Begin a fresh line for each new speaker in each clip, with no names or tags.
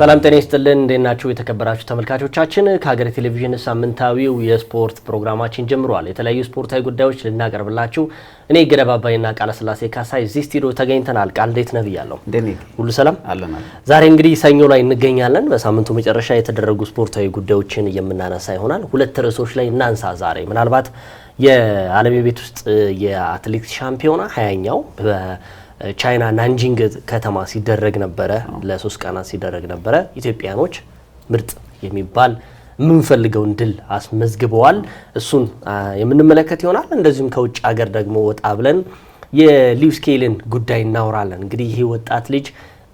ሰላም ጤና ይስጥልን። እንዴት ናችሁ የተከበራችሁ ተመልካቾቻችን? ከሀገሬ ቴሌቪዥን ሳምንታዊው የስፖርት ፕሮግራማችን ጀምሯል። የተለያዩ ስፖርታዊ ጉዳዮች ልናቀርብላችሁ እኔ ገደብ አባይና ቃለ ስላሴ ካሳይ እዚህ ስቱዲዮ ተገኝተናል። ቃል እንዴት ነህ ብያለሁ።
ሁሉ ሰላም አለና
ዛሬ እንግዲህ ሰኞ ላይ እንገኛለን። በሳምንቱ መጨረሻ የተደረጉ ስፖርታዊ ጉዳዮችን የምናነሳ ይሆናል። ሁለት ርዕሶች ላይ እናንሳ ዛሬ ምናልባት የዓለም የቤት ውስጥ የአትሌቲክስ ሻምፒዮና ሀያኛው ቻይና ናንጂንግ ከተማ ሲደረግ ነበረ፣ ለሶስት ቀናት ሲደረግ ነበረ። ኢትዮጵያኖች ምርጥ የሚባል የምንፈልገውን ድል አስመዝግበዋል። እሱን የምንመለከት ይሆናል። እንደዚሁም ከውጭ ሀገር ደግሞ ወጣ ብለን የሊውስኬልን ጉዳይ እናወራለን። እንግዲህ ይህ ወጣት ልጅ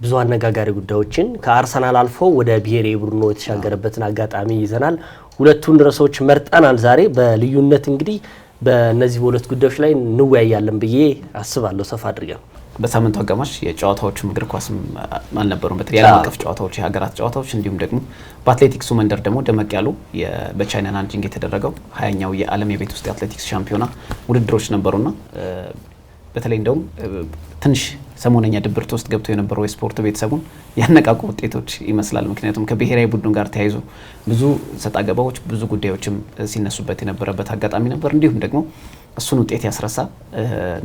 ብዙ አነጋጋሪ ጉዳዮችን ከአርሰናል አልፎ ወደ ብሔራዊ ቡድኑ የተሻገረበትን አጋጣሚ ይዘናል። ሁለቱን ርዕሶች መርጠናል ዛሬ በልዩነት እንግዲህ በእነዚህ በሁለት ጉዳዮች ላይ እንወያያለን ብዬ አስባለሁ ሰፋ አድርገን
በሳምንቱ አጋማሽ የጨዋታዎቹም እግር ኳስም አልነበሩም። በተለይ የዓለም አቀፍ ጨዋታዎች፣ የሀገራት ጨዋታዎች እንዲሁም ደግሞ በአትሌቲክሱ መንደር ደግሞ ደመቅ ያሉ በቻይና ናንጂንግ የተደረገው ሀያኛው የዓለም የቤት ውስጥ የአትሌቲክስ ሻምፒዮና ውድድሮች ነበሩና በተለይ እንደውም ትንሽ ሰሞነኛ ድብርት ውስጥ ገብቶ የነበረው የስፖርት ቤተሰቡን ያነቃቁ ውጤቶች ይመስላል። ምክንያቱም ከብሔራዊ ቡድኑ ጋር ተያይዞ ብዙ ሰጣ ገባዎች፣ ብዙ ጉዳዮችም ሲነሱበት የነበረበት አጋጣሚ ነበር እንዲሁም ደግሞ እሱን ውጤት ያስረሳ።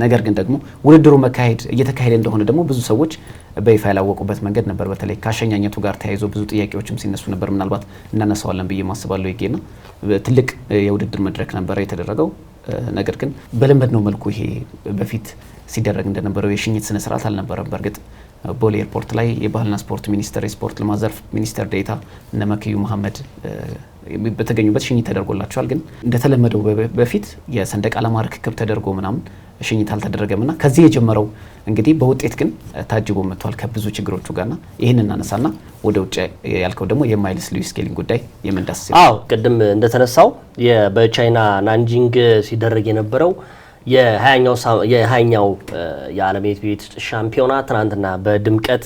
ነገር ግን ደግሞ ውድድሩ መካሄድ እየተካሄደ እንደሆነ ደግሞ ብዙ ሰዎች በይፋ ያላወቁበት መንገድ ነበር። በተለይ ከአሸኛኘቱ ጋር ተያይዞ ብዙ ጥያቄዎችም ሲነሱ ነበር። ምናልባት እናነሳዋለን ብዬ ማስባለሁ። ይጌና ትልቅ የውድድር መድረክ ነበረ የተደረገው። ነገር ግን በለመድ ነው መልኩ ይሄ በፊት ሲደረግ እንደነበረው የሽኝት ስነስርዓት አልነበረም። በእርግጥ ቦሌ ኤርፖርት ላይ የባህልና ስፖርት ሚኒስቴር የስፖርት ልማት ዘርፍ ሚኒስቴር ዴታ እነ መክዩ መሀመድ በተገኙበት ሽኝት ተደርጎላቸዋል። ግን እንደተለመደው በፊት የሰንደቅ ዓላማ ርክክብ ተደርጎ ምናምን ሽኝት አልተደረገም ና ከዚህ የጀመረው እንግዲህ በውጤት ግን ታጅቦ መጥቷል ከብዙ ችግሮቹ ና ይህን ና ወደ ውጭ ያልከው ደግሞ የማይልስ ሉዊስ ስኬሊንግ ጉዳይ የምንዳስ አዎ ቅድም
እንደተነሳው በቻይና ናንጂንግ ሲደረግ የነበረው የሀያኛው የዓለም የቤት ሻምፒዮና ትናንትና በድምቀት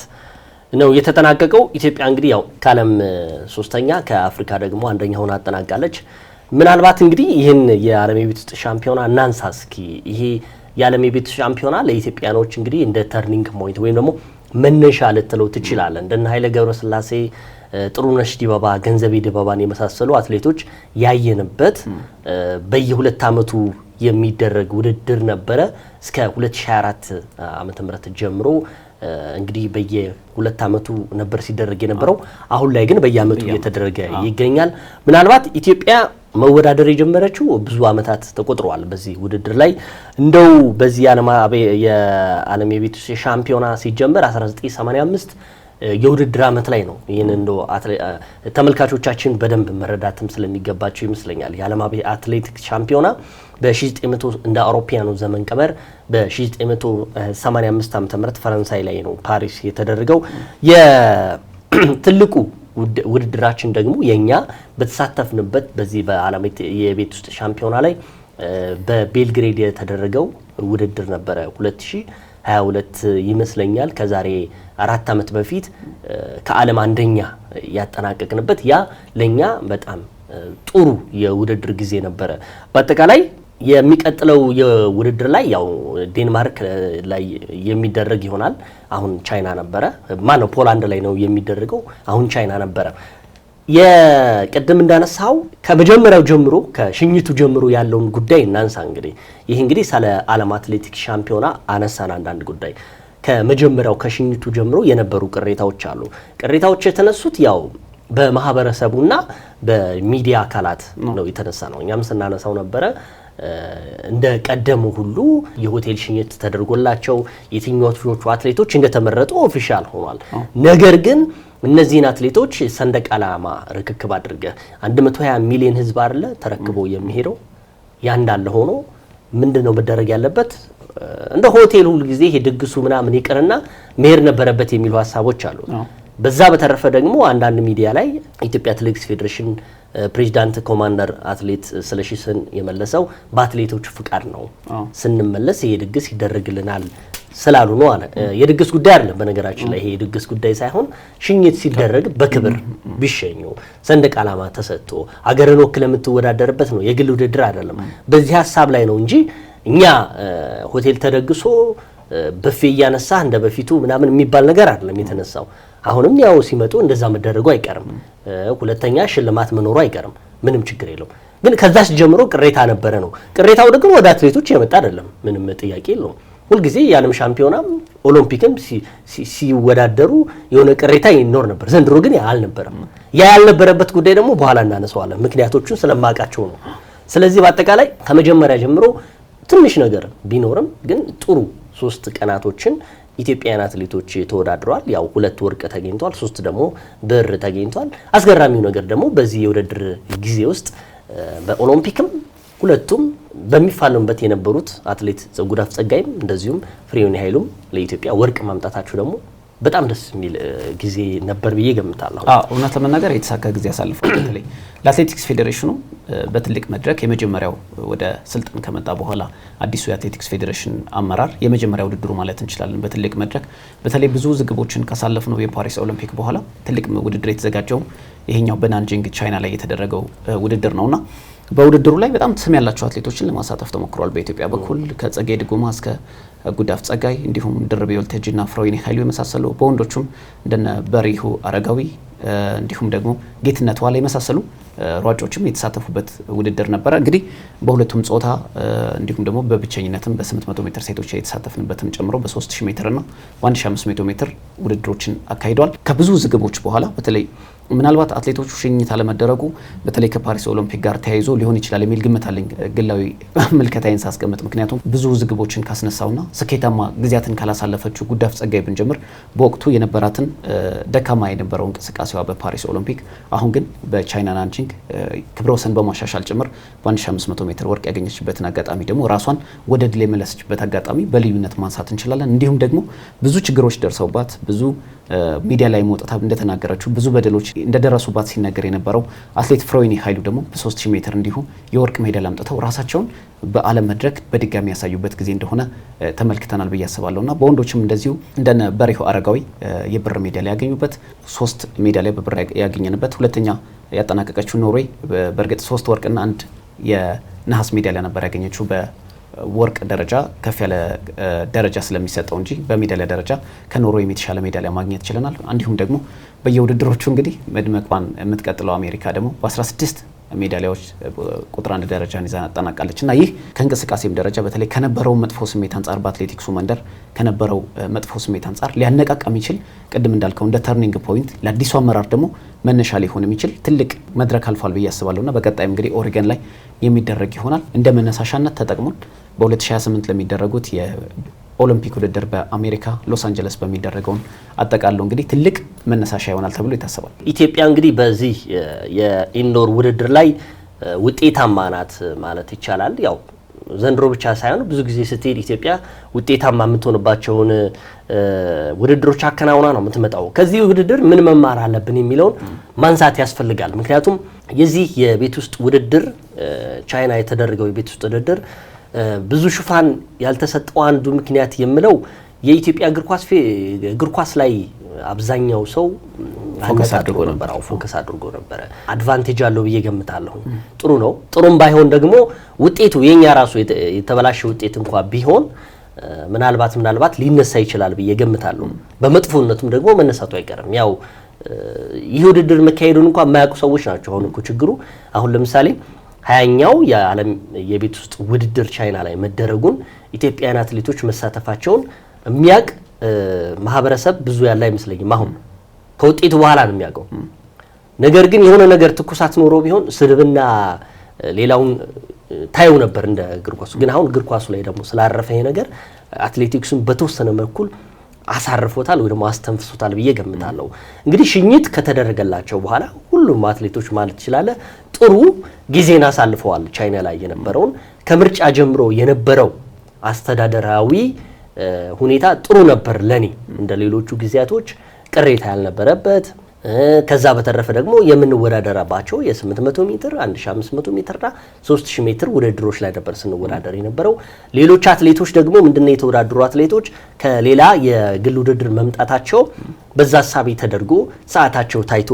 ነው የተጠናቀቀው። ኢትዮጵያ እንግዲህ ያው ከዓለም ሶስተኛ ከአፍሪካ ደግሞ አንደኛ ሆና አጠናቃለች። ምናልባት እንግዲህ ይህን የዓለም የቤት ውስጥ ሻምፒዮና እናንሳ እስኪ። ይሄ የዓለም የቤት ሻምፒዮና ለኢትዮጵያኖች እንግዲህ እንደ ተርኒንግ ፖይንት ወይም ደግሞ መነሻ ልትለው ትችላለ እንደነ ኃይለ ገብረስላሴ፣ ጥሩነሽ ዲበባ፣ ገንዘቤ ዲበባን የመሳሰሉ አትሌቶች ያየንበት በየሁለት ዓመቱ የሚደረግ ውድድር ነበረ። እስከ 2024 ዓመተ ምህረት ጀምሮ እንግዲህ በየሁለት ዓመቱ ነበር ሲደረግ የነበረው። አሁን ላይ ግን በየዓመቱ እየተደረገ ይገኛል። ምናልባት ኢትዮጵያ መወዳደር የጀመረችው ብዙ ዓመታት ተቆጥረዋል። በዚህ ውድድር ላይ እንደው በዚህ የዓለም የቤት ውስጥ ሻምፒዮና ሲጀመር 1985 የውድድር ዓመት ላይ ነው። ይህን እንደ ተመልካቾቻችን በደንብ መረዳትም ስለሚገባቸው ይመስለኛል የዓለም አትሌቲክስ ሻምፒዮና በ1900 እንደ አውሮፓያኑ ዘመን ቀመር በ1985 ዓ ም ፈረንሳይ ላይ ነው ፓሪስ የተደረገው። የትልቁ ውድድራችን ደግሞ የእኛ በተሳተፍንበት በዚህ በዓለም የቤት ውስጥ ሻምፒዮና ላይ በቤልግሬድ የተደረገው ውድድር ነበረ 2022 ይመስለኛል ከዛሬ አራት ዓመት በፊት ከዓለም አንደኛ ያጠናቀቅንበት ያ ለእኛ በጣም ጥሩ የውድድር ጊዜ ነበረ። በአጠቃላይ የሚቀጥለው የውድድር ላይ ያው ዴንማርክ ላይ የሚደረግ ይሆናል። አሁን ቻይና ነበረ ማነው ፖላንድ ላይ ነው የሚደረገው። አሁን ቻይና ነበረ። የቅድም እንዳነሳው ከመጀመሪያው ጀምሮ ከሽኝቱ ጀምሮ ያለውን ጉዳይ እናንሳ። እንግዲህ ይህ እንግዲህ ስለ ዓለም አትሌቲክስ ሻምፒዮና አነሳን አንዳንድ ጉዳይ ከመጀመሪያው ከሽኝቱ ጀምሮ የነበሩ ቅሬታዎች አሉ። ቅሬታዎች የተነሱት ያው በማህበረሰቡና በሚዲያ አካላት ነው የተነሳ ነው። እኛም ስናነሳው ነበረ እንደ ቀደሙ ሁሉ የሆቴል ሽኝት ተደርጎላቸው የትኞቹ አትሌቶች እንደተመረጡ ኦፊሻል ሆኗል። ነገር ግን እነዚህን አትሌቶች ሰንደቅ ዓላማ ርክክብ አድርገ 120 ሚሊዮን ህዝብ አለ ተረክቦ የሚሄደው ያ እንዳለ ሆኖ ምንድን ነው መደረግ ያለበት? እንደ ሆቴል ሁል ጊዜ ይሄ ድግሱ ምናምን ይቅርና መሄድ ነበረበት የሚሉ ሀሳቦች አሉ። በዛ በተረፈ ደግሞ አንዳንድ ሚዲያ ላይ ኢትዮጵያ አትሌቲክስ ፌዴሬሽን ፕሬዚዳንት ኮማንደር አትሌት ስለሺስን የመለሰው በአትሌቶች ፍቃድ ነው፣ ስንመለስ ይሄ ድግስ ይደረግልናል ስላሉ ነው አለ። የድግስ ጉዳይ አይደለም። በነገራችን ላይ ይሄ የድግስ ጉዳይ ሳይሆን ሽኝት ሲደረግ በክብር ቢሸኙ ሰንደቅ ዓላማ ተሰጥቶ አገርን ወክለ የምትወዳደርበት ነው፣ የግል ውድድር አይደለም። በዚህ ሀሳብ ላይ ነው እንጂ እኛ ሆቴል ተደግሶ በፌ እያነሳ እንደ በፊቱ ምናምን የሚባል ነገር አይደለም የተነሳው። አሁንም ያው ሲመጡ እንደዛ መደረጉ አይቀርም። ሁለተኛ ሽልማት መኖሩ አይቀርም። ምንም ችግር የለውም። ግን ከዛስ ጀምሮ ቅሬታ ነበረ ነው። ቅሬታው ደግሞ ወደ አትሌቶች የመጣ አይደለም። ምንም ጥያቄ የለውም። ሁልጊዜ የዓለም ሻምፒዮናም ኦሎምፒክም ሲወዳደሩ የሆነ ቅሬታ ይኖር ነበር። ዘንድሮ ግን ያ አልነበረም። ያ ያልነበረበት ጉዳይ ደግሞ በኋላ እናነሰዋለን። ምክንያቶቹን ስለማውቃቸው ነው። ስለዚህ በአጠቃላይ ከመጀመሪያ ጀምሮ ትንሽ ነገር ቢኖርም ግን ጥሩ ሶስት ቀናቶችን ኢትዮጵያውያን አትሌቶች ተወዳድረዋል። ያው ሁለት ወርቅ ተገኝቷል፣ ሶስት ደግሞ ብር ተገኝቷል። አስገራሚው ነገር ደግሞ በዚህ የውድድር ጊዜ ውስጥ በኦሎምፒክም ሁለቱም በሚፋለሙበት የነበሩት አትሌት ጉዳፍ ጸጋይም እንደዚሁም ፍሬውን ኃይሉም ለኢትዮጵያ ወርቅ ማምጣታቸው ደግሞ በጣም ደስ የሚል ጊዜ ነበር ብዬ ገምታለሁ። እውነት ለመናገር የተሳካ ጊዜ አሳልፈዋል። በተለይ ለአትሌቲክስ ፌዴሬሽኑ በትልቅ መድረክ የመጀመሪያው ወደ ስልጣን ከመጣ በኋላ አዲሱ የአትሌቲክስ ፌዴሬሽን አመራር የመጀመሪያ ውድድሩ ማለት እንችላለን። በትልቅ መድረክ በተለይ ብዙ ዝግቦችን ነው የፓሪስ ኦሎምፒክ በኋላ ትልቅ ውድድር የተዘጋጀው ይሄኛው በናንጂንግ ቻይና ላይ የተደረገው ውድድር ነውና በውድድሩ ላይ በጣም ስም ያላቸው አትሌቶችን ለማሳተፍ ተሞክሯል። በኢትዮጵያ በኩል ከጸጌ ድጉማ እስከ ጉዳፍ ጸጋይ እንዲሁም ድርቤ ወልተጂና ፍሮይኒ ኃይሉ የመሳሰሉ በወንዶቹም እንደነ በሪሁ አረጋዊ እንዲሁም ደግሞ ጌትነት ዋላ የመሳሰሉ ሯጮችም የተሳተፉበት ውድድር ነበረ። እንግዲህ በሁለቱም ጾታ እንዲሁም ደግሞ በብቸኝነትም በ800 ሜትር ሴቶች የተሳተፍንበትም ጨምሮ በ3000 ሜትርና በ1500 ሜትር ውድድሮችን አካሂደዋል። ከብዙ ዝግቦች በኋላ በተለይ ምናልባት አትሌቶቹ ሽኝት አለመደረጉ በተለይ ከፓሪስ ኦሎምፒክ ጋር ተያይዞ ሊሆን ይችላል የሚል ግምት አለኝ፣ ግላዊ ምልከታዬን ሳስቀምጥ። ምክንያቱም ብዙ ውዝግቦችን ካስነሳውና ስኬታማ ጊዜያትን ካላሳለፈችው ጉዳፍ ጸጋይ ብንጀምር በወቅቱ የነበራትን ደካማ የነበረው እንቅስቃሴዋ በፓሪስ ኦሎምፒክ አሁን ግን በቻይና ናንቺንግ ክብረ ወሰን በማሻሻል ጭምር በ1500 ሜትር ወርቅ ያገኘችበትን አጋጣሚ ደግሞ ራሷን ወደ ድል የመለሰችበት አጋጣሚ በልዩነት ማንሳት እንችላለን። እንዲሁም ደግሞ ብዙ ችግሮች ደርሰውባት ብዙ ሚዲያ ላይ መውጣት እንደተናገረችው ብዙ በደሎች እንደደረሱባት ሲነገር የነበረው አትሌት ፍሮይኒ ኃይሉ ደግሞ በ3000 ሜትር እንዲሁ የወርቅ ሜዳል አምጥተው ራሳቸውን በዓለም መድረክ በድጋሚ ያሳዩበት ጊዜ እንደሆነ ተመልክተናል ብዬ አስባለሁ እና በወንዶችም እንደዚሁ እንደነ በሪሁ አረጋዊ የብር ሜዳሊያ ያገኙበት ሶስት ላይ በብር ያገኘንበት ሁለተኛ ያጠናቀቀችው ኖርዌይ በእርግጥ ሶስት ወርቅና አንድ የነሐስ ሜዳሊያ ነበር ያገኘችው ወርቅ ደረጃ ከፍ ያለ ደረጃ ስለሚሰጠው እንጂ በሜዳሊያ ደረጃ ከኖርዌይም የተሻለ ሜዳሊያ ማግኘት ችለናል። እንዲሁም ደግሞ በየውድድሮቹ እንግዲህ መድመቋን የምትቀጥለው አሜሪካ ደግሞ በ16 ሜዳሊያዎች ቁጥር አንድ ደረጃን ይዛ አጠናቃለች እና ይህ ከእንቅስቃሴም ደረጃ በተለይ ከነበረው መጥፎ ስሜት አንጻር በአትሌቲክሱ መንደር ከነበረው መጥፎ ስሜት አንጻር ሊያነቃቃ የሚችል ቅድም እንዳልከው እንደ ተርኒንግ ፖይንት ለአዲሱ አመራር ደግሞ መነሻ ሊሆን የሚችል ትልቅ መድረክ አልፏል ብዬ አስባለሁ እና በቀጣይም እንግዲህ ኦሪገን ላይ የሚደረግ ይሆናል እንደ መነሳሻነት ተጠቅሞን በ2028 ለሚደረጉት ኦሎምፒክ ውድድር በአሜሪካ ሎስ አንጀለስ በሚደረገውን አጠቃለው እንግዲህ ትልቅ መነሳሻ ይሆናል ተብሎ ይታሰባል። ኢትዮጵያ እንግዲህ በዚህ የኢንዶር ውድድር ላይ ውጤታማ ናት ማለት ይቻላል። ያው ዘንድሮ ብቻ ሳይሆን ብዙ ጊዜ ስትሄድ ኢትዮጵያ ውጤታማ የምትሆንባቸውን ውድድሮች አከናውና ነው የምትመጣው። ከዚህ ውድድር ምን መማር አለብን የሚለውን ማንሳት ያስፈልጋል። ምክንያቱም የዚህ የቤት ውስጥ ውድድር ቻይና የተደረገው የቤት ውስጥ ውድድር ብዙ ሽፋን ያልተሰጠው አንዱ ምክንያት የምለው የኢትዮጵያ እግር ኳስ እግር ኳስ ላይ አብዛኛው ሰው ፎከስ አድርጎ ነበር። አው ፎከስ አድርጎ ነበረ። አድቫንቴጅ አለው ብዬ ገምታለሁ። ጥሩ ነው። ጥሩም ባይሆን ደግሞ ውጤቱ የኛ ራሱ የተበላሸ ውጤት እንኳ ቢሆን ምናልባት ምናልባት ሊነሳ ይችላል ብዬ ገምታለሁ። በመጥፎነቱም ደግሞ መነሳቱ አይቀርም። ያው ይህ ውድድር መካሄዱን እንኳ የማያውቁ ሰዎች ናቸው። አሁን እኮ ችግሩ አሁን ለምሳሌ ሀያኛው የዓለም የቤት ውስጥ ውድድር ቻይና ላይ መደረጉን ኢትዮጵያውያን አትሌቶች መሳተፋቸውን የሚያውቅ ማህበረሰብ ብዙ ያለ አይመስለኝም። አሁን ከውጤቱ በኋላ ነው የሚያውቀው። ነገር ግን የሆነ ነገር ትኩሳት ኖሮ ቢሆን ስድብና ሌላውን ታየው ነበር እንደ እግር ኳሱ። ግን አሁን እግር ኳሱ ላይ ደግሞ ስላረፈ ይሄ ነገር አትሌቲክሱን በተወሰነ መልኩል አሳርፎታል ወይ ደግሞ አስተንፍሶታል ብዬ ገምታለሁ። እንግዲህ ሽኝት ከተደረገላቸው በኋላ ሁሉም አትሌቶች ማለት ይችላል ጥሩ ጊዜን አሳልፈዋል። ቻይና ላይ የነበረውን ከምርጫ ጀምሮ የነበረው አስተዳደራዊ ሁኔታ ጥሩ ነበር። ለኔ እንደ ሌሎቹ ጊዜያቶች ቅሬታ ያልነበረበት ከዛ በተረፈ ደግሞ የምንወዳደራባቸው የ800 ሜትር፣ 1500 ሜትርና 3000 ሜትር ውድድሮች ላይ ነበር ስንወዳደር የነበረው። ሌሎች አትሌቶች ደግሞ ምንድነው የተወዳደሩ አትሌቶች ከሌላ የግል ውድድር መምጣታቸው በዛ ሀሳቢ ተደርጎ ሰዓታቸው ታይቶ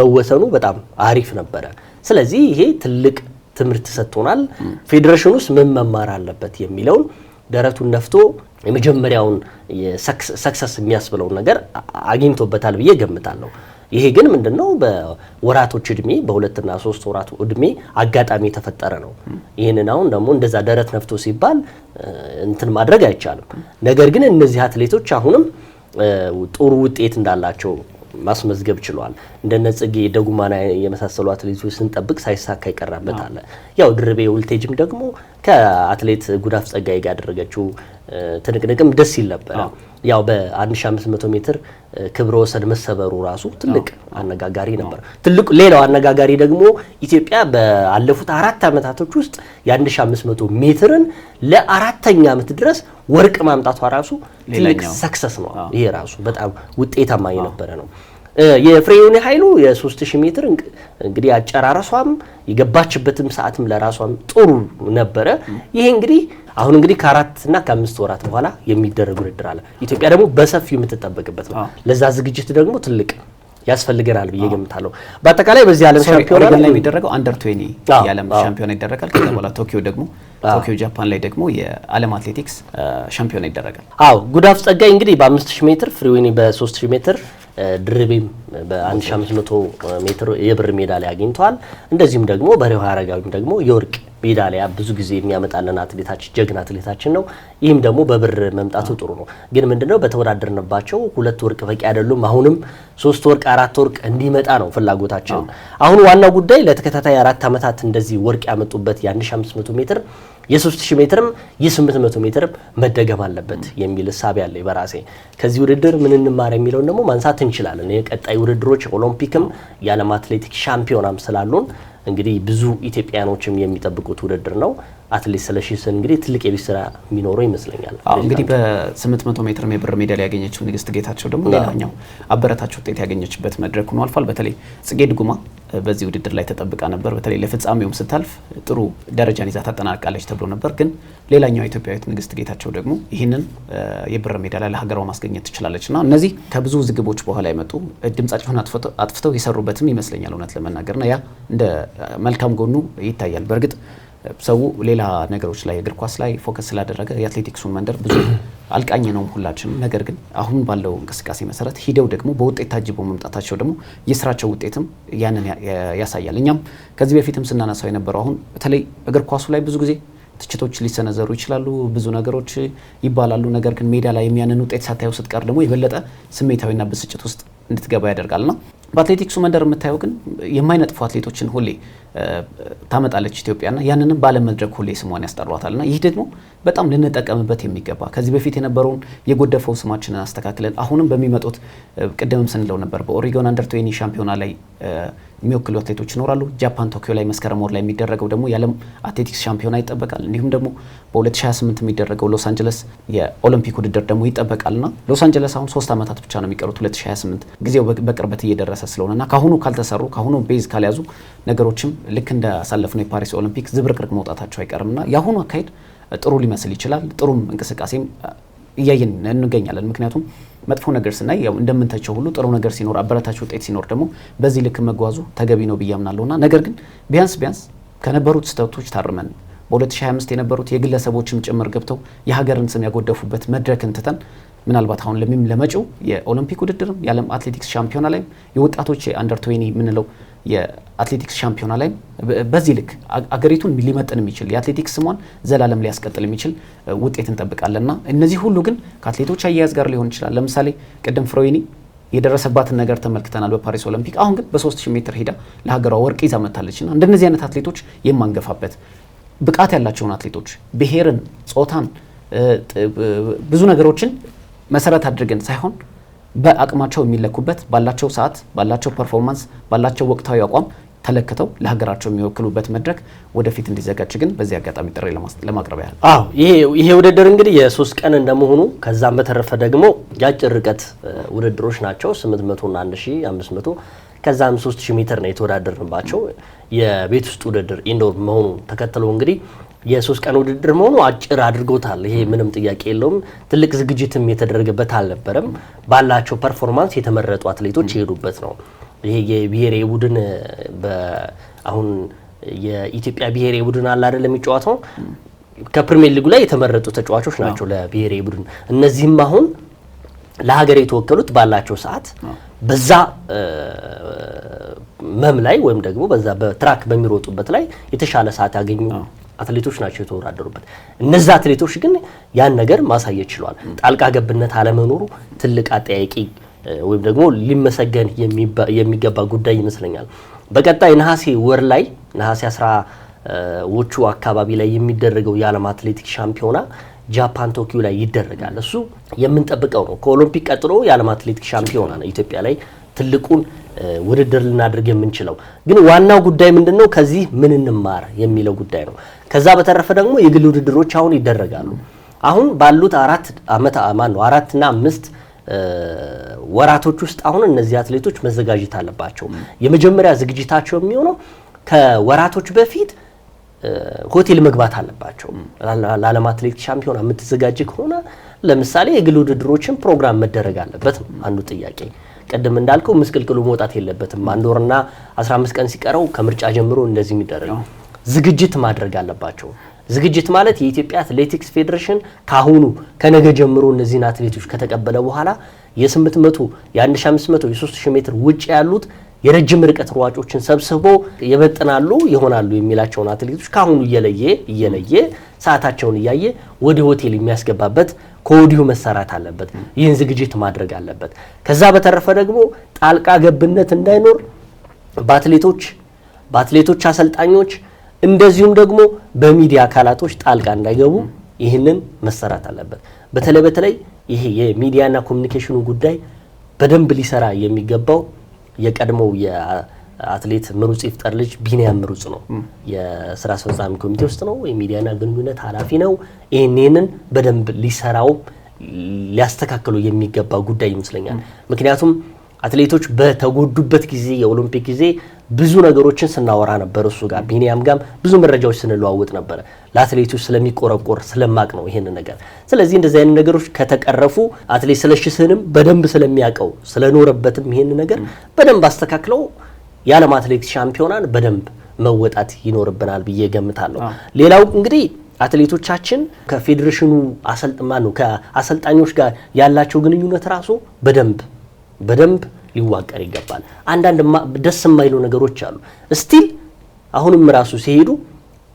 መወሰኑ በጣም አሪፍ ነበረ። ስለዚህ ይሄ ትልቅ ትምህርት ሰጥቶናል። ፌዴሬሽን ውስጥ ምን መማር አለበት የሚለውን ደረቱን ነፍቶ የመጀመሪያውን ሰክሰስ የሚያስብለውን ነገር አግኝቶበታል ብዬ ገምታለሁ። ይሄ ግን ምንድነው በወራቶች እድሜ በሁለትና ሶስት ወራት እድሜ አጋጣሚ የተፈጠረ ነው። ይህንን አሁን ደግሞ እንደዛ ደረት ነፍቶ ሲባል እንትን ማድረግ አይቻልም። ነገር ግን እነዚህ አትሌቶች አሁንም ጥሩ ውጤት እንዳላቸው ማስመዝገብ ችሏል። እንደነ ጽጌ ደጉማና የመሳሰሉ አትሌቶች ስንጠብቅ ሳይሳካ ይቀራበት አለ። ያው ድርቤ ውልቴጅም ደግሞ ከአትሌት ጉዳፍ ጸጋይ ጋር ያደረገችው ትንቅንቅም ደስ ይል ነበረ። ያው በ1500 ሜትር ክብረ ወሰን መሰበሩ ራሱ ትልቅ አነጋጋሪ ነበር። ትልቁ ሌላው አነጋጋሪ ደግሞ ኢትዮጵያ በአለፉት አራት ዓመታቶች ውስጥ የ1500 ሜትርን ለአራተኛ ዓመት ድረስ ወርቅ ማምጣቷ ራሱ ትልቅ ሰክሰስ ነው። ይሄ ራሱ በጣም ውጤታማ የነበረ ነው። የፍሬውኔ ኃይሉ የ3000 ሜትር እንግዲህ አጨራረሷም የገባችበትም ሰዓትም ለራሷም ጥሩ ነበረ። ይሄ እንግዲህ አሁን እንግዲህ ከአራትና ከአምስት ወራት በኋላ የሚደረግ ውድድር አለ። ኢትዮጵያ ደግሞ በሰፊው የምትጠበቅበት ነው። ለዛ ዝግጅት ደግሞ ትልቅ ያስፈልገናል ብዬ ገምታለሁ። በአጠቃላይ በዚህ ዓለም ሻምፒዮና ላይ የሚደረገው አንደር ትዌኒ የዓለም ሻምፒዮና ይደረጋል። ከዛ በኋላ ቶኪዮ ደግሞ ቶኪዮ ጃፓን ላይ ደግሞ የዓለም አትሌቲክስ ሻምፒዮና ይደረጋል። አዎ ጉዳፍ ጸጋይ እንግዲህ በ5000 ሜትር ፍሪዌኒ በ3000 ሜትር ድርቤም በ1500 ሜትር የብር ሜዳሊያ አግኝተዋል። እንደዚሁም ደግሞ በሬው አረጋዊም ደግሞ የወርቅ ሜዳሊያ ብዙ ጊዜ የሚያመጣልን አትሌታችን ጀግና አትሌታችን ነው። ይህም ደግሞ በብር መምጣቱ ጥሩ ነው። ግን ምንድነው በተወዳደርንባቸው ሁለት ወርቅ በቂ አይደሉም። አሁንም ሶስት ወርቅ አራት ወርቅ እንዲመጣ ነው ፍላጎታችን። አሁን ዋናው ጉዳይ ለተከታታይ አራት ዓመታት እንደዚህ ወርቅ ያመጡበት የ1500 ሜትር የ3000 ሜትርም የ800 ሜትር መደገም አለበት የሚል እሳቤ አለ በራሴ ከዚህ ውድድር ምን እንማር የሚለውን ደግሞ ማንሳት እንችላለን። የቀጣይ ቀጣይ ውድድሮች ኦሎምፒክም የዓለም አትሌቲክ ሻምፒዮናም ስላሉን እንግዲህ ብዙ ኢትዮጵያኖችም የሚጠብቁት ውድድር ነው። አትሌት ስለሺ ስን እንግዲህ ትልቅ የቤት ስራ የሚኖረው ይመስለኛል። እንግዲህ በ800 ሜትር የብር ሜዳሊያ ያገኘችው ንግስት ጌታቸው ደግሞ ሌላኛው አበረታች ውጤት ያገኘችበት መድረክ ሆኖ አልፏል። በተለይ ጽጌ ድጉማ በዚህ ውድድር ላይ ተጠብቃ ነበር። በተለይ ለፍጻሜውም ስታልፍ ጥሩ ደረጃን ይዛ ታጠናቃለች ተብሎ ነበር። ግን ሌላኛው ኢትዮጵያዊት ንግስት ጌታቸው ደግሞ ይህንን የብር ሜዳሊያ ለሀገሯ ማስገኘት ትችላለች እና እነዚህ ከብዙ ዝግቦች በኋላ የመጡ ድምጻቸውን አጥፍተው የሰሩበትም ይመስለኛል እውነት ለመናገርና ያ እንደ መልካም ጎኑ ይታያል በእርግጥ ሰው ሌላ ነገሮች ላይ እግር ኳስ ላይ ፎከስ ስላደረገ የአትሌቲክሱን መንደር ብዙ አልቃኝ ነውም ሁላችንም። ነገር ግን አሁን ባለው እንቅስቃሴ መሰረት ሂደው ደግሞ በውጤት ታጅበው መምጣታቸው ደግሞ የስራቸው ውጤትም ያንን ያሳያል። እኛም ከዚህ በፊትም ስናነሳው የነበረው አሁን በተለይ እግር ኳሱ ላይ ብዙ ጊዜ ትችቶች ሊሰነዘሩ ይችላሉ፣ ብዙ ነገሮች ይባላሉ። ነገር ግን ሜዳ ላይ የሚያንን ውጤት ሳታየው ስትቀር ደግሞ የበለጠ ስሜታዊና ብስጭት ውስጥ እንድትገባ ያደርጋልና በአትሌቲክሱ መንደር የምታየው ግን የማይነጥፉ አትሌቶችን ሁሌ ታመጣለች ኢትዮጵያና ያንንም መድረክ ሁሌ ስሟን ና ይህ ደግሞ በጣም ልንጠቀምበት የሚገባ ከዚህ በፊት የነበረውን የጎደፈው ስማችንን አስተካክለን አሁንም በሚመጡት ቅድምም ስንለው ነበር በኦሪጎን አንደር ቶኒ ሻምፒዮና ላይ የሚወክሉ አትሌቶች ይኖራሉ። ጃፓን ቶኪዮ ላይ መስከረም ወር ላይ የሚደረገው ደግሞ የዓለም አትሌቲክስ ሻምፒዮና ይጠበቃል። እንዲሁም ደግሞ በ2028 የሚደረገው ሎስ አንጀለስ የኦሎምፒክ ውድድር ደግሞ ና ሎስ አንጀለስ አሁን ሶስት ዓመታት ብቻ ነው የሚቀሩት 2028 ጊዜው በቅርበት እየደረሰ ስለሆነ ና ካአሁኑ ካልተሰሩ ከአሁኑ ቤዝ ካልያዙ ነገሮችም ልክ እንደ አሳለፍነው የፓሪስ ኦሎምፒክ ዝብርቅርቅ መውጣታቸው አይቀርምና የአሁኑ አካሄድ ጥሩ ሊመስል ይችላል። ጥሩም እንቅስቃሴም እያየን እንገኛለን። ምክንያቱም መጥፎ ነገር ስናይ ያው እንደምንተቸው ሁሉ ጥሩ ነገር ሲኖር፣ አበረታች ውጤት ሲኖር ደግሞ በዚህ ልክ መጓዙ ተገቢ ነው ብዬ አምናለሁና ነገር ግን ቢያንስ ቢያንስ ከነበሩት ስህተቶች ታርመን በ2025 የነበሩት የግለሰቦችም ጭምር ገብተው የሀገርን ስም ያጎደፉበት መድረክን ትተን ምናልባት አሁን ለሚም ለመጪው የኦሎምፒክ ውድድርም የዓለም አትሌቲክስ ሻምፒዮና ላይም የወጣቶች የአንደር ቶዌኒ የምንለው የአትሌቲክስ ሻምፒዮና ላይ በዚህ ልክ አገሪቱን ሊመጥን የሚችል የአትሌቲክስ ስሟን ዘላለም ሊያስቀጥል የሚችል ውጤት እንጠብቃለን ና እነዚህ ሁሉ ግን ከአትሌቶች አያያዝ ጋር ሊሆን ይችላል። ለምሳሌ ቅድም ፍሮይኒ የደረሰባትን ነገር ተመልክተናል በፓሪስ ኦሎምፒክ። አሁን ግን በ3000 ሜትር ሄዳ ለሀገሯ ወርቅ ይዛ መታለች እና እንደነዚህ አይነት አትሌቶች የማንገፋበት ብቃት ያላቸውን አትሌቶች ብሔርን፣ ጾታን፣ ብዙ ነገሮችን መሰረት አድርገን ሳይሆን በአቅማቸው የሚለኩበት ባላቸው ሰዓት፣ ባላቸው ፐርፎርማንስ፣ ባላቸው ወቅታዊ አቋም ተለክተው ለሀገራቸው የሚወክሉበት መድረክ ወደፊት እንዲዘጋጅ ግን በዚህ አጋጣሚ ጥሪ ለማቅረብ ያህል። አዎ ይሄ ውድድር እንግዲህ የሶስት ቀን እንደመሆኑ ከዛም በተረፈ ደግሞ የአጭር ርቀት ውድድሮች ናቸው። 800 እና 1500 ከዛም 3000 ሜትር ነው የተወዳደርንባቸው የቤት ውስጥ ውድድር ኢንዶር መሆኑ ተከትሎ እንግዲህ የሶስት ቀን ውድድር መሆኑ አጭር አድርጎታል። ይሄ ምንም ጥያቄ የለውም። ትልቅ ዝግጅትም የተደረገበት አልነበረም። ባላቸው ፐርፎርማንስ የተመረጡ አትሌቶች የሄዱበት ነው። ይሄ የብሔራዊ ቡድን አሁን የኢትዮጵያ ብሔራዊ ቡድን አለ አይደል የሚጫወተው ከፕሪሚየር ሊጉ ላይ የተመረጡ ተጫዋቾች ናቸው ለብሔራዊ ቡድን። እነዚህም አሁን ለሀገር የተወከሉት ባላቸው ሰዓት በዛ መም ላይ ወይም ደግሞ በዛ በትራክ በሚሮጡበት ላይ የተሻለ ሰዓት ያገኙ አትሌቶች ናቸው የተወዳደሩበት። እነዚ አትሌቶች ግን ያን ነገር ማሳየት ችሏል። ጣልቃ ገብነት አለመኖሩ ትልቅ አጠያቂ ወይም ደግሞ ሊመሰገን የሚገባ ጉዳይ ይመስለኛል። በቀጣይ ነሐሴ ወር ላይ ነሐሴ አስራ ዎቹ አካባቢ ላይ የሚደረገው የዓለም አትሌቲክ ሻምፒዮና ጃፓን ቶኪዮ ላይ ይደረጋል። እሱ የምንጠብቀው ነው። ከኦሎምፒክ ቀጥሎ የዓለም አትሌቲክ ሻምፒዮና ነው ኢትዮጵያ ላይ ትልቁን ውድድር ልናድርግ የምንችለው ግን ዋናው ጉዳይ ምንድን ነው? ከዚህ ምን እንማር የሚለው ጉዳይ ነው። ከዛ በተረፈ ደግሞ የግል ውድድሮች አሁን ይደረጋሉ። አሁን ባሉት አራት አመት አማን ነው አራትና አምስት ወራቶች ውስጥ አሁን እነዚህ አትሌቶች መዘጋጀት አለባቸው። የመጀመሪያ ዝግጅታቸው የሚሆነው ከወራቶች በፊት ሆቴል መግባት አለባቸው። ለዓለም አትሌቲክስ ሻምፒዮና የምትዘጋጅ ከሆነ ለምሳሌ የግል ውድድሮችን ፕሮግራም መደረግ አለበት ነው አንዱ ጥያቄ። ቅድም እንዳልከው ምስቅልቅሉ መውጣት የለበትም። አንድ ወርና 15 ቀን ሲቀረው ከምርጫ ጀምሮ እንደዚህ የሚደረግ ዝግጅት ማድረግ አለባቸው። ዝግጅት ማለት የኢትዮጵያ አትሌቲክስ ፌዴሬሽን ካሁኑ ከነገ ጀምሮ እነዚህን አትሌቶች ከተቀበለ በኋላ የ800 የ1500 የ3000 ሜትር ውጭ ያሉት የረጅም ርቀት ሯጮችን ሰብስቦ ይበጥናሉ ይሆናሉ የሚላቸውን አትሌቶች ካሁኑ እየለየ እየለየ ሰዓታቸውን እያየ ወደ ሆቴል የሚያስገባበት ከወዲሁ መሰራት አለበት። ይህን ዝግጅት ማድረግ አለበት። ከዛ በተረፈ ደግሞ ጣልቃ ገብነት እንዳይኖር በአትሌቶች በአትሌቶች አሰልጣኞች፣ እንደዚሁም ደግሞ በሚዲያ አካላቶች ጣልቃ እንዳይገቡ ይህንን መሰራት አለበት። በተለይ በተለይ ይሄ የሚዲያና ኮሚኒኬሽኑ ጉዳይ በደንብ ሊሰራ የሚገባው የቀድሞው አትሌት ምሩጽ ይፍጠር ልጅ ቢኒያም ምሩጽ ነው። የስራ አስፈጻሚ ኮሚቴ ውስጥ ነው። የሚዲያና ግንኙነት ኃላፊ ነው። ይህንን በደንብ ሊሰራው ሊያስተካክሉ የሚገባ ጉዳይ ይመስለኛል። ምክንያቱም አትሌቶች በተጎዱበት ጊዜ የኦሎምፒክ ጊዜ ብዙ ነገሮችን ስናወራ ነበር። እሱ ጋር ቢኒያም ጋም ብዙ መረጃዎች ስንለዋወጥ ነበር። ለአትሌቶች ስለሚቆረቆር ስለማቅ ነው ይሄን ነገር። ስለዚህ እንደዚህ አይነት ነገሮች ከተቀረፉ አትሌት ስለሽስህንም በደንብ ስለሚያውቀው ስለኖረበትም ይሄን ነገር በደንብ አስተካክለው የዓለም አትሌቲክስ ሻምፒዮናን በደንብ መወጣት ይኖርብናል ብዬ ገምታለሁ። ሌላው እንግዲህ አትሌቶቻችን ከፌዴሬሽኑ አሰልጥማ ነው ከአሰልጣኞች ጋር ያላቸው ግንኙነት ራሱ በደንብ በደንብ ሊዋቀር ይገባል። አንዳንድ ደስ የማይሉ ነገሮች አሉ። ስቲል አሁንም ራሱ ሲሄዱ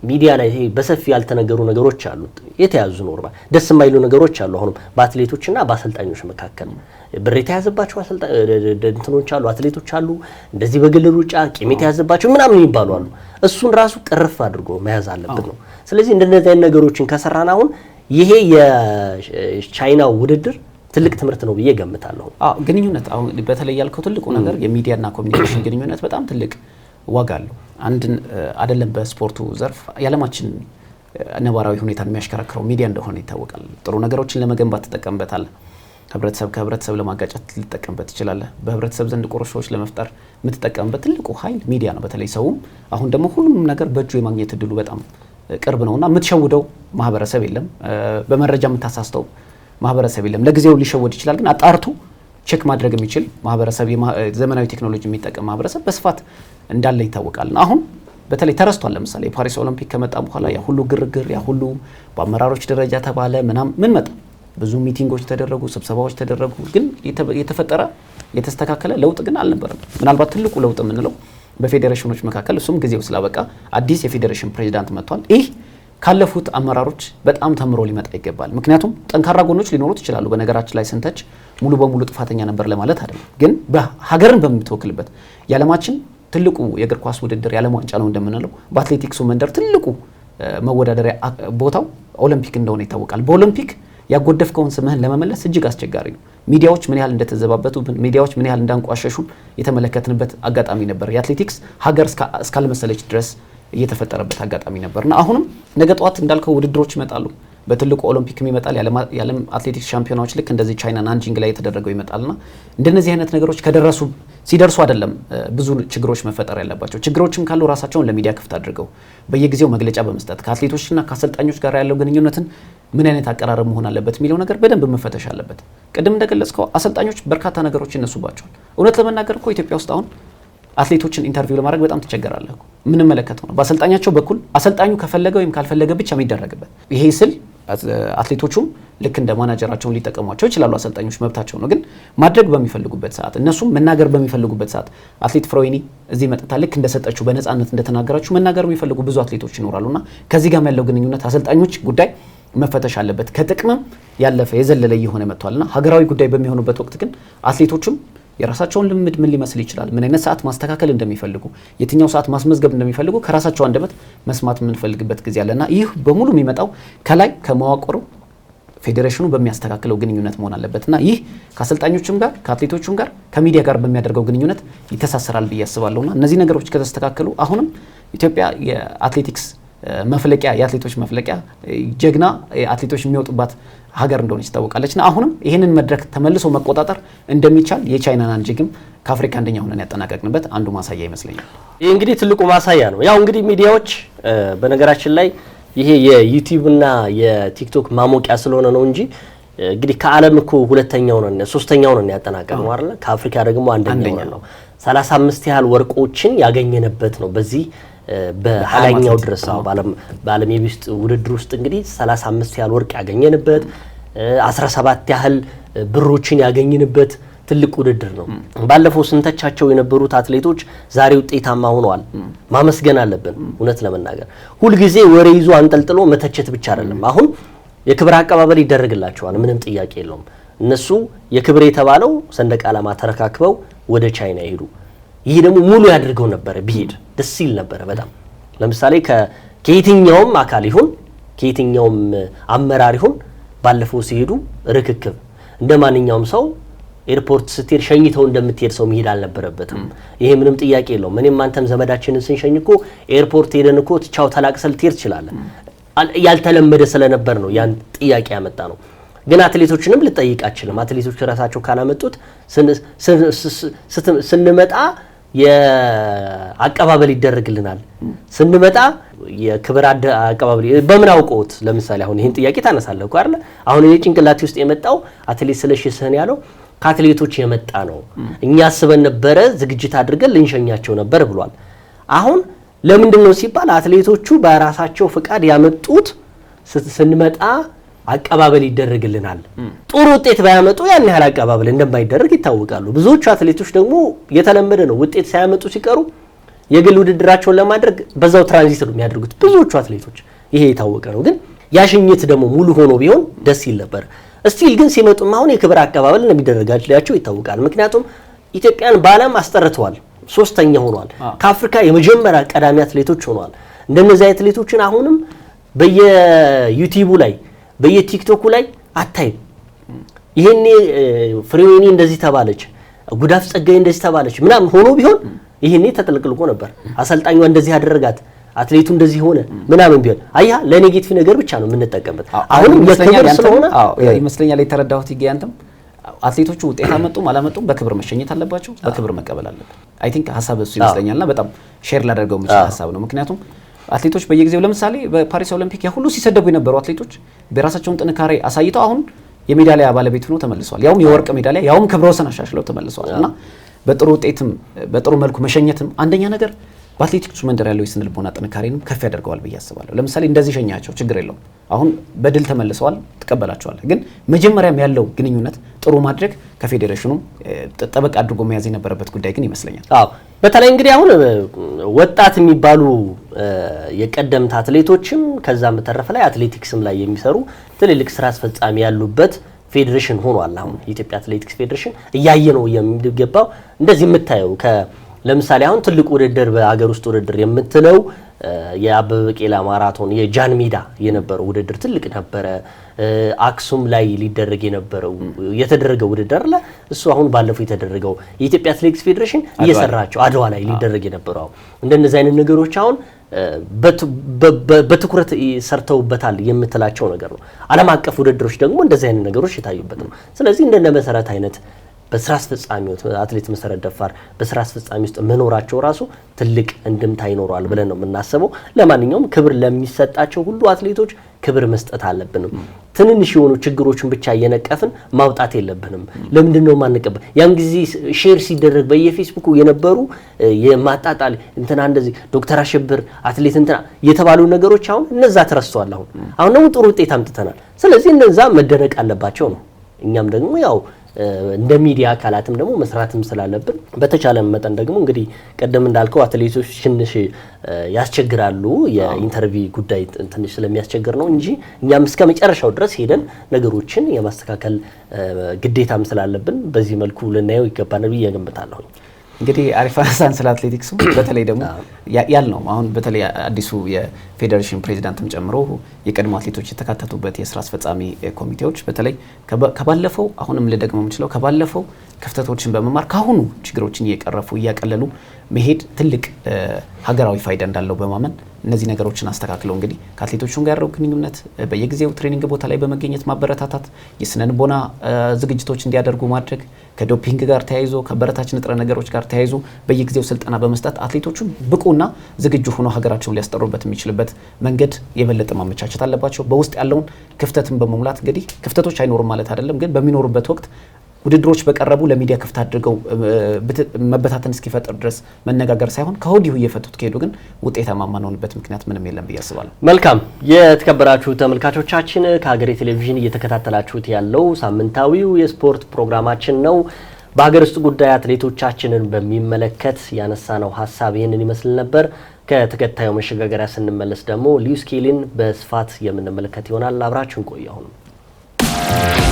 ሚዲያ ላይ በሰፊ ያልተነገሩ ነገሮች አሉ፣ የተያዙ ኖርማል ደስ የማይሉ ነገሮች አሉ። አሁንም በአትሌቶችና በአሰልጣኞች መካከል ብር የተያዘባቸው እንትኖች አሉ፣ አትሌቶች አሉ። እንደዚህ በግል ሩጫ ቂም የተያዘባቸው ምናምን የሚባሉ አሉ። እሱን ራሱ ቅርፍ አድርጎ መያዝ አለብን ነው። ስለዚህ እንደነዚህ አይነት ነገሮችን ከሰራን አሁን ይሄ የቻይናው ውድድር ትልቅ ትምህርት ነው ብዬ ገምታለሁ። ግንኙነት፣ አሁን በተለይ ያልከው ትልቁ ነገር የሚዲያና ኮሚኒኬሽን ግንኙነት በጣም ትልቅ ዋጋ አለው። አንድን አይደለም በስፖርቱ ዘርፍ የዓለማችን ነባራዊ ሁኔታን የሚያሽከረክረው ሚዲያ እንደሆነ ይታወቃል። ጥሩ ነገሮችን ለመገንባት ትጠቀምበታል። ህብረተሰብ ከህብረተሰብ ለማጋጨት ልጠቀምበት ይችላል በህብረተሰብ ዘንድ ቁርሾዎች ለመፍጠር የምትጠቀምበት ትልቁ ኃይል ሚዲያ ነው። በተለይ ሰውም አሁን ደግሞ ሁሉንም ነገር በእጁ የማግኘት እድሉ በጣም ቅርብ ነው እና የምትሸውደው ማህበረሰብ የለም። በመረጃ የምታሳስተው ማህበረሰብ የለም። ለጊዜው ሊሸወድ ይችላል፣ ግን አጣርቶ ቼክ ማድረግ የሚችል ማህበረሰብ፣ ዘመናዊ ቴክኖሎጂ የሚጠቀም ማህበረሰብ በስፋት እንዳለ ይታወቃልና አሁን በተለይ ተረስቷል። ለምሳሌ የፓሪስ ኦሎምፒክ ከመጣ በኋላ ያ ሁሉ ግርግር፣ ያ ሁሉ በአመራሮች ደረጃ ተባለ ምናምን ምን መጣ? ብዙ ሚቲንጎች ተደረጉ፣ ስብሰባዎች ተደረጉ፣ ግን የተፈጠረ የተስተካከለ ለውጥ ግን አልነበረም። ምናልባት ትልቁ ለውጥ የምንለው በፌዴሬሽኖች መካከል እሱም ጊዜው ስላበቃ አዲስ የፌዴሬሽን ፕሬዚዳንት መጥቷል። ይህ ካለፉት አመራሮች በጣም ተምሮ ሊመጣ ይገባል። ምክንያቱም ጠንካራ ጎኖች ሊኖሩት ይችላሉ። በነገራችን ላይ ስንተች ሙሉ በሙሉ ጥፋተኛ ነበር ለማለት አይደለም። ግን በሀገርን በምትወክልበት የዓለማችን ትልቁ የእግር ኳስ ውድድር የዓለም ዋንጫ ነው እንደምንለው በአትሌቲክሱ መንደር ትልቁ መወዳደሪያ ቦታው ኦሎምፒክ እንደሆነ ይታወቃል። በኦሎምፒክ ያጎደፍከውን ስምህን ለመመለስ እጅግ አስቸጋሪ ነው። ሚዲያዎች ምን ያህል እንደተዘባበቱ፣ ሚዲያዎች ምን ያህል እንዳንቋሸሹ የተመለከትንበት አጋጣሚ ነበር። የአትሌቲክስ ሀገር እስካልመሰለች ድረስ እየተፈጠረበት አጋጣሚ ነበር እና አሁንም ነገ ጠዋት እንዳልከው ውድድሮች ይመጣሉ። በትልቁ ኦሎምፒክ ይመጣል። የዓለም አትሌቲክስ ሻምፒዮናዎች ልክ እንደዚህ ቻይና ናንጂንግ ላይ የተደረገው ይመጣልና እንደነዚህ አይነት ነገሮች ከደረሱ ሲደርሱ አይደለም ብዙ ችግሮች መፈጠር ያለባቸው። ችግሮችም ካሉ ራሳቸውን ለሚዲያ ክፍት አድርገው በየጊዜው መግለጫ በመስጠት ከአትሌቶችና ከአሰልጣኞች ጋር ያለው ግንኙነትን ምን አይነት አቀራረብ መሆን አለበት የሚለው ነገር በደንብ መፈተሽ አለበት። ቅድም እንደገለጽከው አሰልጣኞች በርካታ ነገሮች ይነሱባቸዋል። እውነት ለመናገር እኮ ኢትዮጵያ ውስጥ አሁን አትሌቶችን ኢንተርቪው ለማድረግ በጣም ትቸገራለህ። የምንመለከተው ነው። በአሰልጣኛቸው በኩል አሰልጣኙ ከፈለገ ወይም ካልፈለገ ብቻ የሚደረግበት ይሄ ስል አትሌቶቹም ልክ እንደ ማናጀራቸውን ሊጠቀሟቸው ይችላሉ። አሰልጣኞች መብታቸው ነው። ግን ማድረግ በሚፈልጉበት ሰዓት፣ እነሱም መናገር በሚፈልጉበት ሰዓት አትሌት ፍሮይኒ እዚህ መጥታ ልክ እንደሰጠችው በነፃነት እንደተናገራችሁ መናገር የሚፈልጉ ብዙ አትሌቶች ይኖራሉና ከዚህ ጋር ያለው ግንኙነት አሰልጣኞች ጉዳይ መፈተሽ አለበት። ከጥቅምም ያለፈ የዘለለ እየሆነ መጥቷልና ሀገራዊ ጉዳይ በሚሆኑበት ወቅት ግን አትሌቶቹም። የራሳቸውን ልምድ ምን ሊመስል ይችላል፣ ምን አይነት ሰዓት ማስተካከል እንደሚፈልጉ፣ የትኛው ሰዓት ማስመዝገብ እንደሚፈልጉ ከራሳቸው አንደበት መስማት የምንፈልግበት ጊዜ አለና ይህ በሙሉ የሚመጣው ከላይ ከመዋቅሩ ፌዴሬሽኑ በሚያስተካክለው ግንኙነት መሆን አለበትና ይህ ከአሰልጣኞችም ጋር ከአትሌቶቹም ጋር ከሚዲያ ጋር በሚያደርገው ግንኙነት ይተሳሰራል ብዬ አስባለሁና እነዚህ ነገሮች ከተስተካከሉ አሁንም ኢትዮጵያ የአትሌቲክስ መፍለቂያ የአትሌቶች መፍለቂያ ጀግና አትሌቶች የሚወጡባት ሀገር እንደሆነች ና አሁንም ይህንን መድረክ ተመልሶ መቆጣጠር እንደሚቻል የቻይናን አንጅግም ከአፍሪካ አንደኛ ሆነን ያጠናቀቅንበት አንዱ ማሳያ ይመስለኛል። ይህ እንግዲህ ትልቁ ማሳያ ነው። ያው እንግዲህ ሚዲያዎች በነገራችን ላይ ይሄ የዩቲዩብና የቲክቶክ ማሞቂያ ስለሆነ ነው እንጂ እንግዲህ ከዓለም እኮ ሁለተኛው ነን ሶስተኛው ነን ነው አለ ከአፍሪካ ደግሞ አንደኛው ነው። አምስት ያህል ወርቆችን ያገኘንበት ነው በዚህ በላይኛው ድረስ በዓለም የቤት ውስጥ ውድድር ውስጥ እንግዲህ 35 ያህል ወርቅ ያገኘንበት 17 ያህል ብሮችን ያገኝንበት ትልቅ ውድድር ነው። ባለፈው ስንተቻቸው የነበሩት አትሌቶች ዛሬ ውጤታማ ሆነዋል። ማመስገን አለብን። እውነት ለመናገር ሁልጊዜ ወሬ ይዞ አንጠልጥሎ መተቸት ብቻ አይደለም። አሁን የክብር አቀባበል ይደረግላቸዋል፣ ምንም ጥያቄ የለውም። እነሱ የክብር የተባለው ሰንደቅ ዓላማ ተረካክበው ወደ ቻይና ይሄዱ ይሄ ደግሞ ሙሉ ያደርገው ነበረ ቢሄድ ደስ ይል ነበረ በጣም ለምሳሌ ከየትኛውም አካል ይሁን ከየትኛውም አመራር ይሁን ባለፈው ሲሄዱ ርክክብ እንደ ማንኛውም ሰው ኤርፖርት ስትሄድ ሸኝተው እንደምትሄድ ሰው መሄድ አልነበረበትም። ይሄ ምንም ጥያቄ የለውም። እኔም አንተም ዘመዳችንን ስንሸኝ እኮ ኤርፖርት ሄደን እኮ ቻው ተላቅሰል ትሄድ ትችላለን። ያልተለመደ ስለነበር ነው ያን ጥያቄ ያመጣ ነው። ግን አትሌቶችንም ልጠይቅ አችልም። አትሌቶች ራሳቸው ካላመጡት ስንመጣ የአቀባበል ይደረግልናል። ስንመጣ የክብር አቀባበል በምን አውቀውት? ለምሳሌ አሁን ይህን ጥያቄ ታነሳለህ እኮ አይደለ? አሁን እኔ ጭንቅላቴ ውስጥ የመጣው አትሌት ስለሺ ስህን ያለው ከአትሌቶች የመጣ ነው። እኛ አስበን ነበረ፣ ዝግጅት አድርገን ልንሸኛቸው ነበር ብሏል። አሁን ለምንድን ነው ሲባል አትሌቶቹ በራሳቸው ፍቃድ ያመጡት ስንመጣ አቀባበል ይደረግልናል። ጥሩ ውጤት ባያመጡ ያን ያህል አቀባበል እንደማይደረግ ይታወቃሉ። ብዙዎቹ አትሌቶች ደግሞ የተለመደ ነው፣ ውጤት ሳያመጡ ሲቀሩ የግል ውድድራቸውን ለማድረግ በዛው ትራንዚት ነው የሚያደርጉት ብዙዎቹ አትሌቶች። ይሄ የታወቀ ነው። ግን ያሽኝት ደግሞ ሙሉ ሆኖ ቢሆን ደስ ይል ነበር። እስቲል ግን ሲመጡም አሁን የክብር አቀባበል እንደሚደረጋላቸው ይታወቃል። ምክንያቱም ኢትዮጵያን በዓለም አስጠርተዋል። ሶስተኛ ሆኗል። ከአፍሪካ የመጀመሪያ ቀዳሚ አትሌቶች ሆኗል። እንደነዚህ አትሌቶችን አሁንም በየዩቲቡ ላይ በየቲክቶኩ ላይ አታይም። ይሄኔ ፍሬወይኒ እንደዚህ ተባለች፣ ጉዳፍ ጸጋይ እንደዚህ ተባለች ምናምን ሆኖ ቢሆን ይሄኔ ተጠልቅልቆ ነበር። አሰልጣኟ እንደዚህ አደረጋት፣ አትሌቱ እንደዚህ ሆነ ምናምን ቢሆን አያ ለኔጌቲቭ ነገር ብቻ ነው የምንጠቀምበት። አሁንም መከበር ስለሆነ ይመስለኛል የተረዳሁት ይገ ያንተም አትሌቶቹ ውጤት አመጡም አላመጡም በክብር መሸኘት አለባቸው፣ በክብር መቀበል አለበት። አይ ቲንክ ሀሳብ እሱ ይመስለኛልና በጣም ሼር ላደርገው የምችል ሀሳብ ነው ምክንያቱም አትሌቶች በየጊዜው ለምሳሌ በፓሪስ ኦሎምፒክ ያሁሉ ሲሰደቡ የነበሩ አትሌቶች በራሳቸውን ጥንካሬ አሳይተው አሁን የሜዳሊያ ባለቤት ሆነው ተመልሰዋል። ያውም የወርቅ ሜዳሊያ ያውም ክብረ ወሰን አሻሽለው ተመልሰዋል እና በጥሩ ውጤትም በጥሩ መልኩ መሸኘትም አንደኛ ነገር በአትሌቲክሱ መንደር ያለው የስነ ልቦና ጥንካሬንም ከፍ ያደርገዋል ብዬ አስባለሁ። ለምሳሌ እንደዚህ ሸኛቸው ችግር የለውም አሁን በድል ተመልሰዋል፣ ትቀበላቸዋል። ግን መጀመሪያም ያለው ግንኙነት ጥሩ ማድረግ ከፌዴሬሽኑም ጠበቅ አድርጎ መያዝ የነበረበት ጉዳይ ግን ይመስለኛል። አዎ በተለይ እንግዲህ አሁን ወጣት የሚባሉ የቀደምት አትሌቶችም ከዛም በተረፈ ላይ አትሌቲክስም ላይ የሚሰሩ ትልልቅ ስራ አስፈጻሚ ያሉበት ፌዴሬሽን ሆኗል። አሁን የኢትዮጵያ አትሌቲክስ ፌዴሬሽን እያየ ነው የሚገባው እንደዚህ የምታየው ለምሳሌ አሁን ትልቅ ውድድር በሀገር ውስጥ ውድድር የምትለው የአበበ ቢቂላ ማራቶን የጃን ሜዳ የነበረው ውድድር ትልቅ ነበረ። አክሱም ላይ ሊደረግ የነበረው የተደረገ ውድድር አለ። እሱ አሁን ባለፈው የተደረገው የኢትዮጵያ አትሌቲክስ ፌዴሬሽን እየሰራቸው አድዋ ላይ ሊደረግ የነበረው እንደነዚህ አይነት ነገሮች አሁን በትኩረት ሰርተውበታል የምትላቸው ነገር ነው። ዓለም አቀፍ ውድድሮች ደግሞ እንደዚህ አይነት ነገሮች የታዩበት ነው። ስለዚህ እንደነ መሰረት አይነት በስራ አስፈጻሚው አትሌት መሰረት ደፋር በስራ አስፈጻሚ ውስጥ መኖራቸው ራሱ ትልቅ እንድምታ ይኖረዋል ብለን ነው የምናስበው። ለማንኛውም ክብር ለሚሰጣቸው ሁሉ አትሌቶች ክብር መስጠት አለብንም። ትንንሽ የሆኑ ችግሮችን ብቻ እየነቀፍን ማውጣት የለብንም። ለምንድን ነው ማንቀበ ያን ጊዜ ሼር ሲደረግ በየፌስቡኩ የነበሩ የማጣጣል እንትና እንደዚህ ዶክተር አሸብር አትሌት እንትና የተባሉ ነገሮች አሁን እነዛ ተረስተዋል። አሁን አሁን ደግሞ ጥሩ ውጤት አምጥተናል። ስለዚህ እነዛ መደነቅ አለባቸው ነው እኛም ደግሞ ያው እንደ ሚዲያ አካላትም ደግሞ መስራትም ስላለብን በተቻለ መጠን ደግሞ እንግዲህ ቀደም እንዳልከው አትሌቶች ትንሽ ያስቸግራሉ። የኢንተርቪው ጉዳይ ትንሽ ስለሚያስቸግር ነው እንጂ እኛም እስከ መጨረሻው ድረስ ሄደን ነገሮችን የማስተካከል ግዴታም ስላለብን በዚህ መልኩ ልናየው ይገባናል ብዬ እገምታለሁ። እንግዲህ አሪፍ አነሳን ስለ አትሌቲክሱ። በተለይ ደግሞ ያል ነው አሁን በተለይ አዲሱ የፌዴሬሽን ፕሬዚዳንትም ጨምሮ የቀድሞ አትሌቶች የተካተቱበት የስራ አስፈጻሚ ኮሚቴዎች በተለይ ከባለፈው አሁንም ልደግመው የምችለው ከባለፈው ክፍተቶችን በመማር ካሁኑ ችግሮችን እየቀረፉ እያቀለሉ መሄድ ትልቅ ሀገራዊ ፋይዳ እንዳለው በማመን እነዚህ ነገሮችን አስተካክለው እንግዲህ ከአትሌቶቹም ጋር ያለው ግንኙነት በየጊዜው ትሬኒንግ ቦታ ላይ በመገኘት ማበረታታት፣ የስነ ልቦና ዝግጅቶች እንዲያደርጉ ማድረግ ከዶፒንግ ጋር ተያይዞ ከበረታች ንጥረ ነገሮች ጋር ተያይዞ በየጊዜው ስልጠና በመስጠት አትሌቶቹን ብቁና ዝግጁ ሆኖ ሀገራቸውን ሊያስጠሩበት የሚችልበት መንገድ የበለጠ ማመቻቸት አለባቸው። በውስጥ ያለውን ክፍተትን በመሙላት እንግዲህ ክፍተቶች አይኖሩም ማለት አይደለም፣ ግን በሚኖሩበት ወቅት ውድድሮች በቀረቡ ለሚዲያ ክፍት አድርገው መበታተን እስኪፈጥር ድረስ መነጋገር ሳይሆን ከወዲሁ እየፈቱት ከሄዱ ግን ውጤታማ የማንሆንበት ምክንያት ምንም የለም ብዬ አስባለሁ። መልካም የተከበራችሁ ተመልካቾቻችን ከሀገሬ ቴሌቪዥን እየተከታተላችሁት ያለው ሳምንታዊው የስፖርት ፕሮግራማችን ነው። በሀገር ውስጥ ጉዳይ አትሌቶቻችንን በሚመለከት ያነሳነው ሀሳብ ይህንን ይመስል ነበር። ከተከታዩ መሸጋገሪያ ስንመለስ ደግሞ ሊዩስ ኬሊን በስፋት የምንመለከት ይሆናል። አብራችን ቆዩ። አሁንም